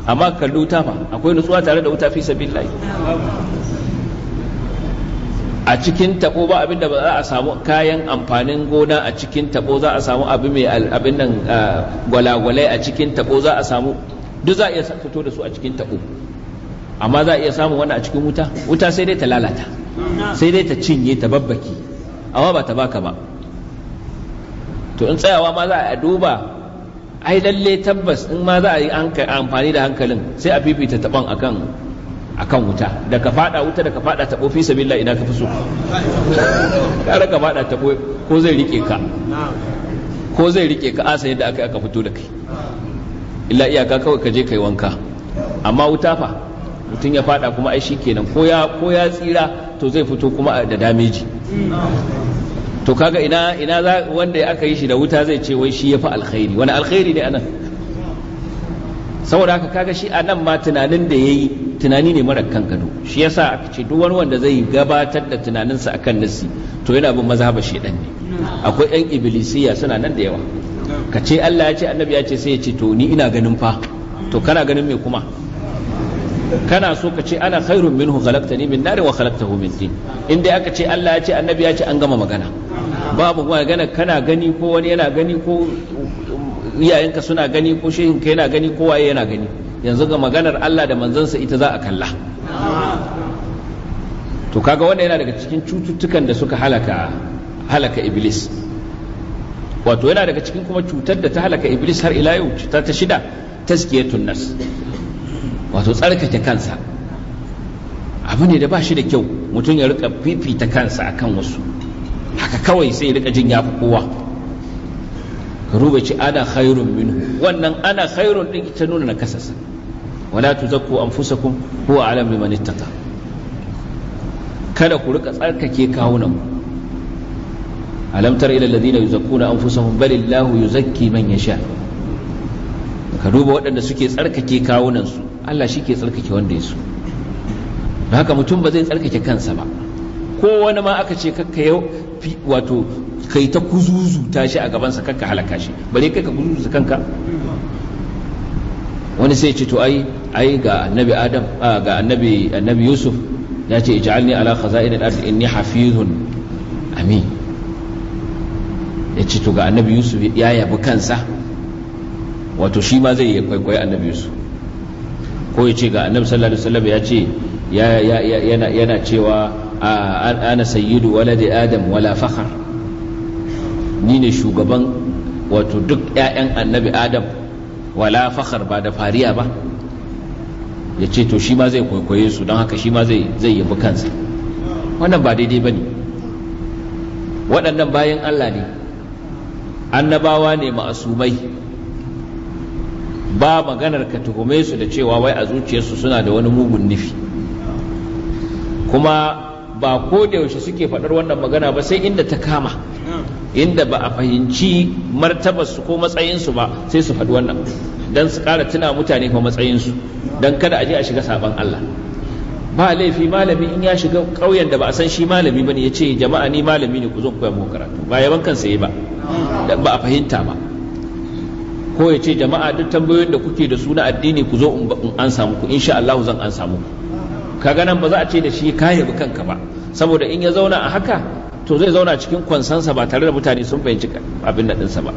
amma kalli wuta ba akwai nutsuwa tare da wuta fi sabilillahi a cikin tabo ba abinda ba za a samu kayan amfanin gona a cikin tabo za a samu abu mai abin nan gwalagwalai a cikin tabo za a samu duk za a iya fito da su a cikin tabo amma za a iya samun wani a cikin wuta wuta sai dai ta lalata sai dai ta cinye ta babbaki amma ba ta baka ba to in tsayawa ma za a duba ai lalle tabbas in ma za a yi amfani da hankalin sai a fifita taban akan akan wuta da ka fada wuta da ka fada tabo fi sabilillah idan ka fi so kare ka fada tabo ko zai rike ka ko zai rike ka asa yadda aka aka fito da kai illa iyaka kawai ka je kai wanka amma wuta fa mutum ya fada kuma ai shikenan ko ya ko ya tsira to zai fito kuma da dameji to kaga ina ina za wanda aka yi shi da wuta zai ce wai shi ya fi alkhairi wani alkhairi ne anan saboda haka kaga shi anan ma tunanin da yayi tunani ne mara kan gado shi yasa aka ce duk wani wanda zai gabatar da tunaninsa akan nasi to yana bin mazhabar shedan ne akwai yan iblisiya suna nan da yawa ka ce Allah ya ce annabi ya ce sai ya ce to ni ina ganin fa to kana ganin me kuma kana so ka ce ana khairun minhu khalaqtani min nari wa khalaqtahu min tin dai aka ce Allah ya ce annabi ya ce an gama magana babu gana kana gani ko wani yana gani ko iyayenka suna gani ko ka yana gani ko waye yana gani yanzu ga maganar Allah da manzansa ita za a kalla to kaga wannan yana daga cikin cututtukan da suka halaka halaka iblis wato yana daga cikin kuma cutar da ta halaka iblis har ila yau cuta ta shida tazkiyatun nas wato tsarkake kansa abu ne da ba shi da kyau mutum ya rika fifita kansa akan wasu haka kawai sai rika jin ya fi kowa ruba ce ana khairun minhu wannan ana khairun din ita nuna na kasasa wala tuzakku anfusakum huwa alam biman ittaqa kada ku rika tsarkake kawunan alam tara ila alladhina yuzakkuna anfusahum bal illahu yuzakki man yasha ka duba waɗanda suke tsarkake kawunan su Allah shi ke tsarkake wanda ya so haka mutum ba zai tsarkake kansa ba ko wani ma aka ce kakka yau wato kai ta kuzuzu ta shi a gabansa kanka halaka shi bare kai ka kuzuzu kanka wani sai ce to ai ai ga annabi adam ga annabi annabi yusuf ya ce ij'alni ala khaza'in al-ard inni hafizun amin ya ce to ga annabi yusuf ya yabi kansa wato shi ma zai kwaikwayi annabi yusuf ko ya ce ga annabi sallallahu alaihi wasallam ya ce yana cewa ana sayyidu waladi adam wala fakhar ni ne shugaban wato duk 'ya'yan annabi adam wala fakhar ba da fariya ba ya ce to shi ma zai kwaikwaye su don haka shi ma zai yabi kansa wannan ba daidai ba ne waɗannan bayan allah ne annabawa ne ma'asumai ba maganar ka tuhume su da cewa wai a zuciyarsu suna da wani mugun nufi kuma ba ko da yaushe suke faɗar wannan magana ba sai inda ta kama inda ba a fahimci martabarsu ko matsayinsu ba sai su faɗi wannan don su ƙara tuna mutane fa matsayinsu don kada a je a shiga saban Allah ba laifi malami in ya shiga ƙauyen da ba a san shi malami bane ya ce jama'a ni malami ne ku zo koya muku karatu ba yaban kansa yi ba ba a fahimta ba ko ya ce jama'a duk tambayoyin da kuke da su na addini ku zo in an samu ku insha Allah zan an samu ku kaga nan ba za a ce da shi ka yabi kanka ba saboda in ya zauna a haka to zai zauna cikin kwansansa ba tare da mutane sun fahimci abin da ɗinsa ba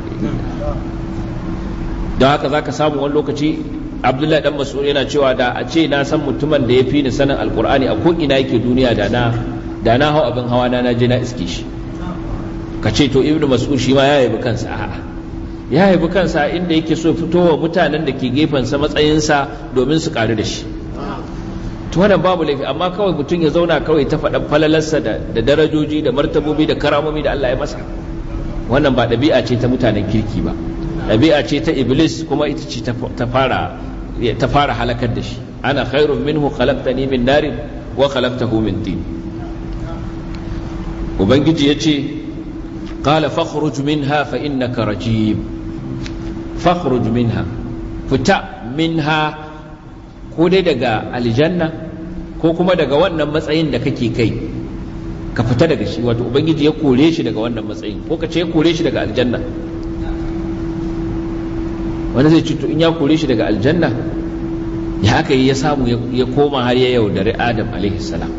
don haka za ka samu wani lokaci abdullahi dan mas'ud yana cewa da a ce na san mutumin da ya fi ni sanin alkur'ani a ko'ina yake duniya da na da na hau abin hawa na je na iske shi ka ce to ibnu mas'ud shi ma ya yabi kansa a'a ya yabi kansa inda yake so fitowa mutanen da ke gefensa matsayinsa domin su karu da shi to wannan babu laifi amma kawai mutum ya zauna kawai ta faɗan falalarsa da darajoji da martabobi da karamomi da Allah ya masa wannan ba ɗabi'a ce ta mutanen kirki ba ɗabi'a ce ta iblis kuma ita ce ta fara halakar da shi ana khairun minhu khalaqtani min narin wa khalaqtahu min tin ubangiji yace qala fakhruj minha fa innaka rajim fakhruj minha fita minha ko dai daga aljanna ko kuma daga wannan matsayin da kake kai ka fita daga shi wato ubangiji ya kore shi daga wannan matsayin ko ka ce ya kore shi daga aljanna wani zai ci to in ya kore shi daga aljanna ya haka ya samu ya koma har ya yaudari adam alaihi salam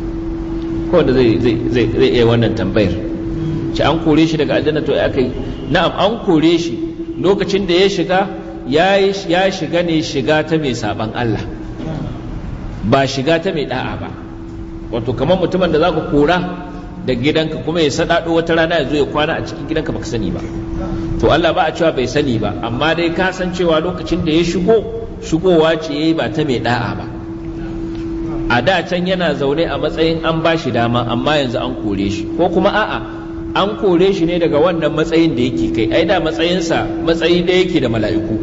ko wanda zai zai zai iya wannan tambayar ci an kore shi daga aljanna to aka yi na'am an kore shi lokacin da ya shiga ya shiga ne shiga ta mai saban Allah ba shiga ta mai da'a ba wato kamar mutumin da za ka kora da gidanka kuma ya saɗaɗo wata rana ya zo ya kwana a cikin gidanka baka sani ba to Allah ba a cewa bai sani ba amma dai ka san cewa lokacin da ya shigo shigowa ce yayi ba ta mai da'a ba a da can yana zaune a matsayin an ba shi dama amma yanzu an kore shi ko kuma a'a an kore shi ne daga wannan matsayin da yake kai ai da matsayinsa matsayi da yake da mala'iku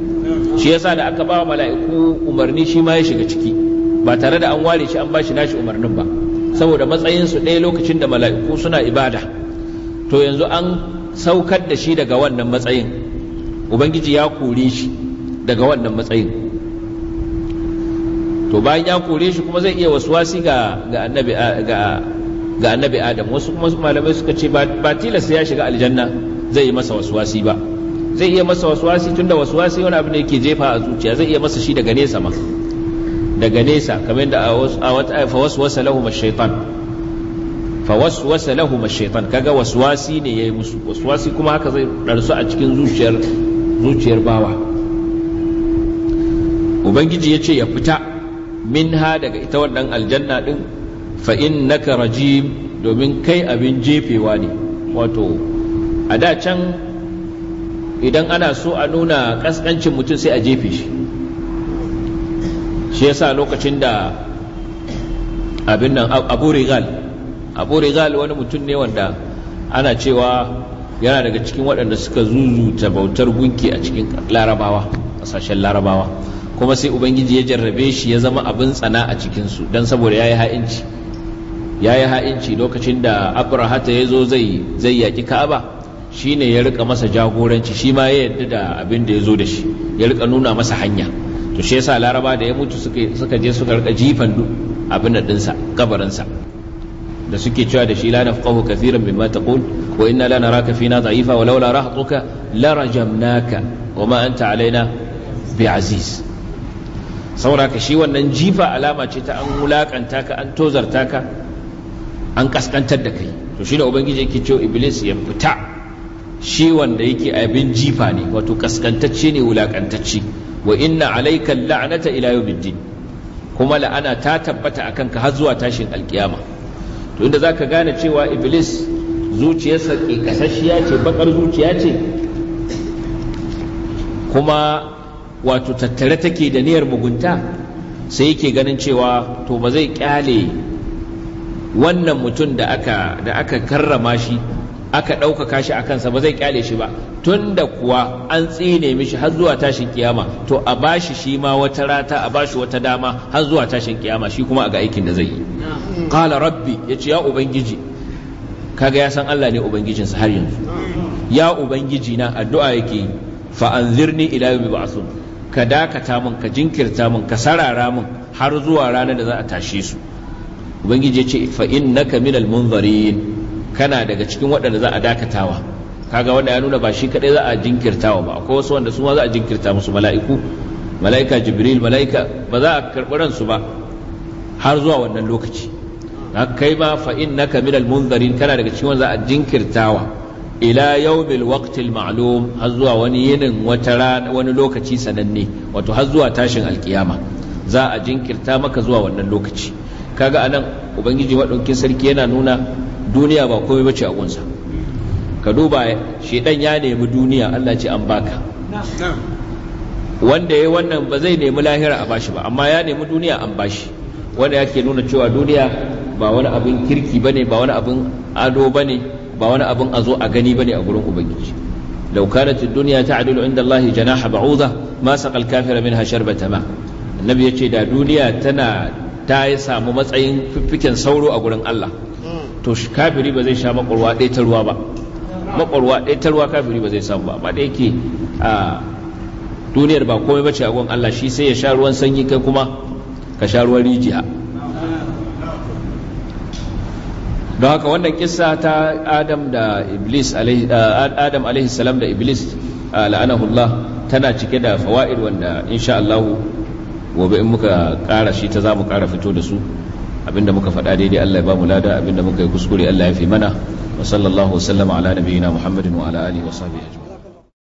shi yasa da aka ba wa mala'iku umarni shi ma ya shiga ciki ba tare da an ware shi an ba shi nashi umarnin ba saboda matsayin su ɗaya lokacin da mala'iku suna ibada to yanzu an saukar da shi daga wannan matsayin ubangiji ya kore shi daga wannan matsayin to bayan ya kore shi kuma zai iya wasu ga ga annabi ga ga annabi adam wasu malamai suka ce ba tilasta ya shiga aljanna zai yi masa wasi ba zai iya masa wasi tunda wasi wani abu ne yake jefa a zuciya zai iya masa shi daga nesa ma daga nesa kamar da a waswasa lahum shaitan fa waswasa lahum shaitan kaga waswasi ne yayi musu waswasi kuma haka zai darsu a cikin zuciyar bawa ubangiji ya ce ya fita minha daga ita wannan aljanna din fa innaka rajim domin kai abin jefewa ne wato a da can idan ana so a nuna kaskancin mutum sai a jefe shi shi yasa lokacin da abin nan abu rigal abu rigal wani mutum ne wanda ana cewa yana daga cikin waɗanda suka zuzuta bautar gunki a cikin larabawa ƙasashen larabawa kuma sai ubangiji ya jarrabe shi ya zama abin tsana a cikinsu don saboda ya yi ha'inci ya yi ha'inci lokacin da abrahata ya zo zai yaƙi ka'aba shi ne ya rika masa jagoranci shi ma ya yarda da abin da ya zo da shi ya rika nuna masa hanya to shi yasa laraba da ya mutu suka je suka rika jifan abin da dinsa kabarinsa da suke cewa da shi la nafqahu kathiran mimma taqul wa inna la naraka fina da'ifa wa laula rahtuka la rajamnaka wa ma anta alaina bi aziz saboda ka shi wannan jifa alama ce ta an wulakanta ka an tozarta ka an kaskantar da kai to shi da ubangiji yake cewa iblis ya fita shi wanda yake abin jifa ne wato kaskantacce ne wulakantacce wa inna alayka la'nata ila yawmiddin kuma la'ana ta tabbata akan ka har zuwa tashin alkiyama to inda zaka gane cewa iblis zuciyarsa kasashiya ce bakar zuciya ce kuma wato tattare take da niyyar mugunta sai yake ganin cewa to ba zai kyale wannan mutum da aka karrama shi aka ɗaukaka shi a kansa ba zai kyale shi ba Tun da kuwa an tsine mishi har zuwa tashin kiyama to a bashi shi ma wata rata a bashi wata dama har zuwa tashin kiyama shi kuma a ga aikin da zai yi qala rabbi ya ce, ya ubangiji kaga ya san Allah ne ubangijinsa har yanzu ya ubangiji na addu'a yake yi fa anzirni ila yawmi ka dakata min ka jinkirta min ka sarara min har zuwa ranar da za a tashe su ubangiji ya ce fa innaka minal munzirin kana daga cikin waɗanda za a dakatawa kaga wanda ya nuna ba shi kadai za a jinkirtawa ba akwai wasu wanda su ma za a jinkirta musu mala'iku mala'ika jibril mala'ika ba za a karɓi ransu ba har zuwa wannan lokaci kai ma fa innaka minal munzarin kana daga cikin wanda za a jinkirtawa ila yawmil waqtil ma'lum har zuwa wani yinin wata rana wani lokaci sananne wato har zuwa tashin alkiyama za a jinkirta maka zuwa wannan lokaci kaga anan ubangiji madaukin sarki yana nuna duniya ba komai bace a gunsa ka duba shedan ya nemi duniya Allah ce an baka wanda ya wannan ba zai nemi lahira a bashi ba amma ya nemi duniya an bashi wanda yake nuna cewa duniya ba wani abin kirki bane ba wani abin ado bane ba wani abin a zo a gani bane a gurin ubangiji لو كانت الدنيا تعدل عند الله جناح بعوضة ما سقى الكافر منها شربة ماء النبي يقول دنيا تنا ta ya samu matsayin fiffiken sauro a gurin Allah to kafiri ba zai sha makwarwa ɗaya ta ruwa ba makwarwa ɗaya ta ruwa kafiri ba zai samu ba amma da yake a duniyar ba komai bace a agon Allah shi sai ya sha ruwan sanyi kai kuma ka sha ruwan rijiya don haka wannan kisa ta adam da iblis adam alaihi salam da iblis la'anahullah tana cike da fawa'ir wanda insha Allah gobe in muka kara shi ta za mu kara fito da su abinda muka faɗa daidai Allah ya ba mu lada abinda muka yi kuskure Allah ya fi mana wa sallallahu wasallama ala nabiyyina Muhammadin wa ala alihi wa sahbihi